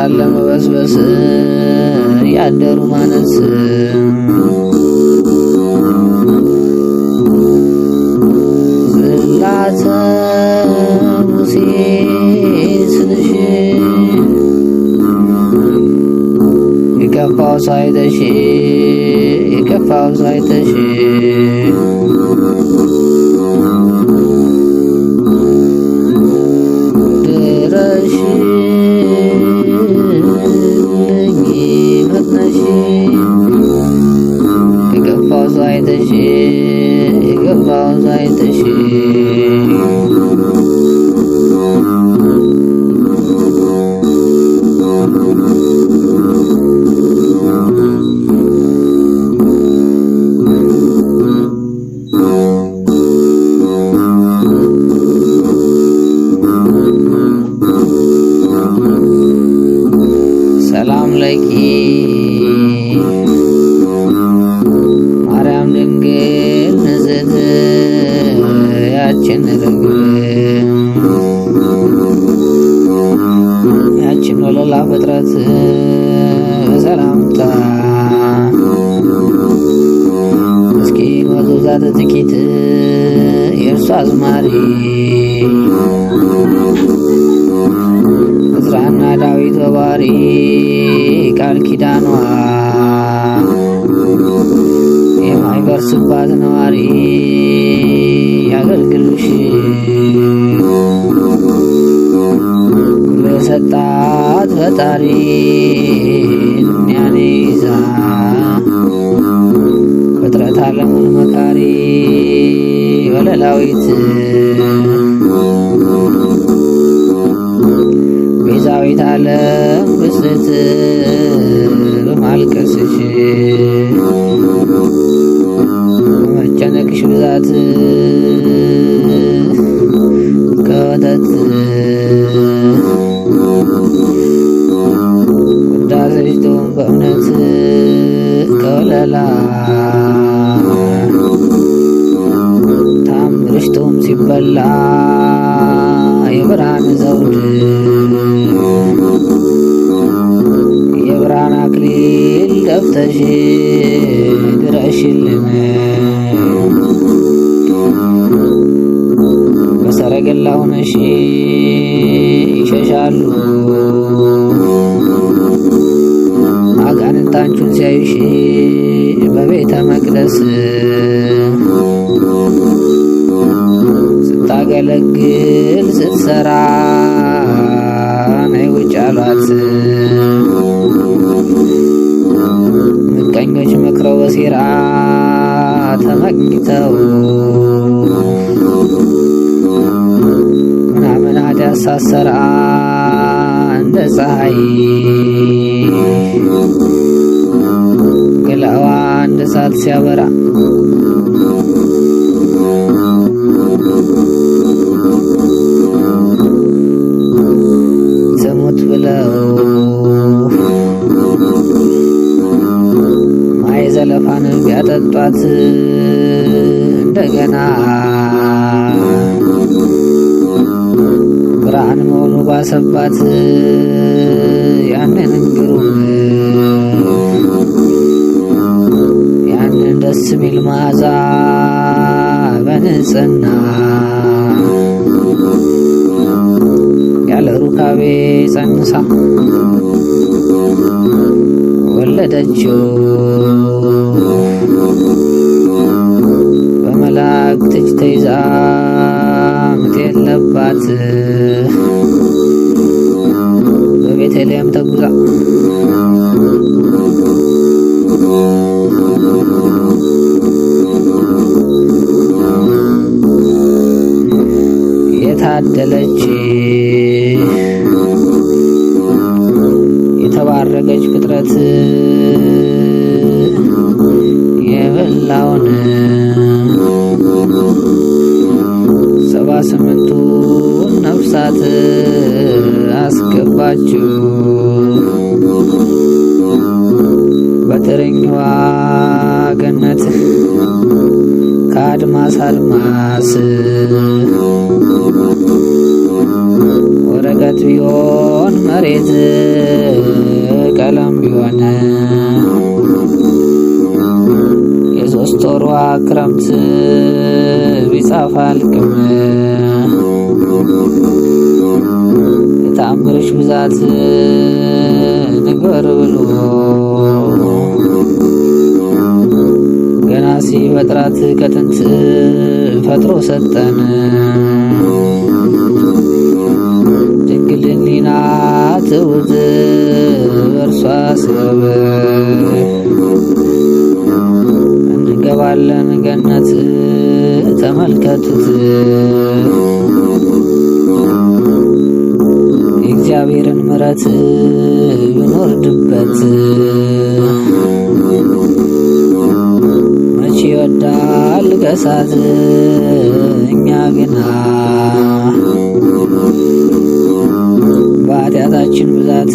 ያሳለ መበስበስ ያደሩ ማነስ ጽላተ ሙሴ የከፋው ሳይተሽ የከፋው ሳይተሽ like he ጥቂት የእርሱ አዝማሪ እዝራና ዳዊት በባህሪ ቃል ኪዳኗ የማይበር ነዋሪ ያገልግሉሽ በሰጣት ፈጣሪ ያኔ ይዛ ዓለሙን መካሪ ወለላዊት ቤዛዊት ዓለም ብስት በማልቀስሽ በመጨነቅሽ ብዛት በላ የብርሃን ዘውድ የብርሃን አክሊል ደፍተሽ ድረሽልን በሰረገላ ሆነሽ ይሸሻሉ አጋንንታንቹን ሲያዩሽ በቤተ መቅደስ ገለግል ስትሰራ ናይ ውጭ አሏት። ምቀኞች መክረው በሴራ ተመኝተው ምናምን አዳሳሰራ እንደ ፀሐይ ገላዋ እንደ ሳት ሲያበራ ብርሃን መሆኑ ባሰባት ያንን ግሩም ያንን ደስ የሚል መዓዛ በንጽህና ያለ ሩካቤ ጸንሳ ወለደችው። በመላእክት እጅ ተይዛ ምጥ የለባት በቤተልሔም ተጉዛ የታደለች የተባረከች ፍጥረት የበላውን ስምንቱ ነፍሳት አስገባችሁ። በተረኛዋ ገነት ከአድማስ አድማስ ወረቀት ቢሆን መሬት ቀለም ቢሆን ሶስት ወሯ ክረምት ቢጻፍ አልቅም ብዛት ንገር ብሎ ገና ሲፈጥራት ከጥንት ፈጥሮ ሰጠን ድንግል ሕሊና ትውት በእርሷ ስበብ እንገባለን ገነት ተመልከቱት። የእግዚአብሔርን ምረት ይኖርድበት መቼ ይወዳል ገሳት እኛ ግና በኃጢአታችን ብዛት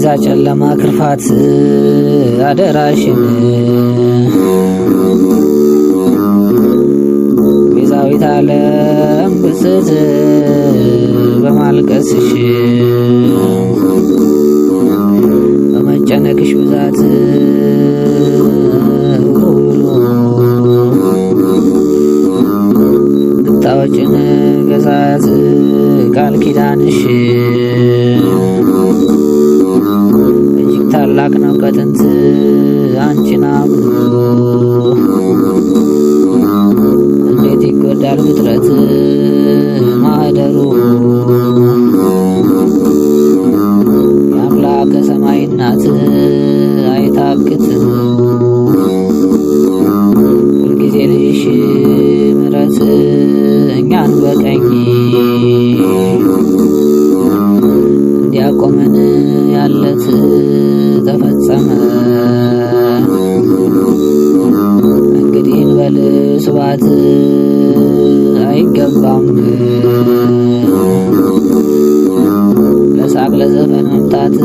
በዛ ጨለማ ክርፋት አደራሽን ቤዛዊት ዓለም ብፅዕት በማልቀስሽ በመጨነቅሽ ብዛት ብታወጭን ገዛት ቃል ኪዳንሽ አምላክ ነው ከጥንት አንቺን እንዴት ይጎዳል ፍጥረት ማህደሩ የአምላከ ሰማይ እናት አይታክት ሁልጊዜ ልሽ ምረት እኛን በቀኝ እንዲያቆመን ያለት መግባት አይገባም። ለሳቅ ለዘፈን መምጣት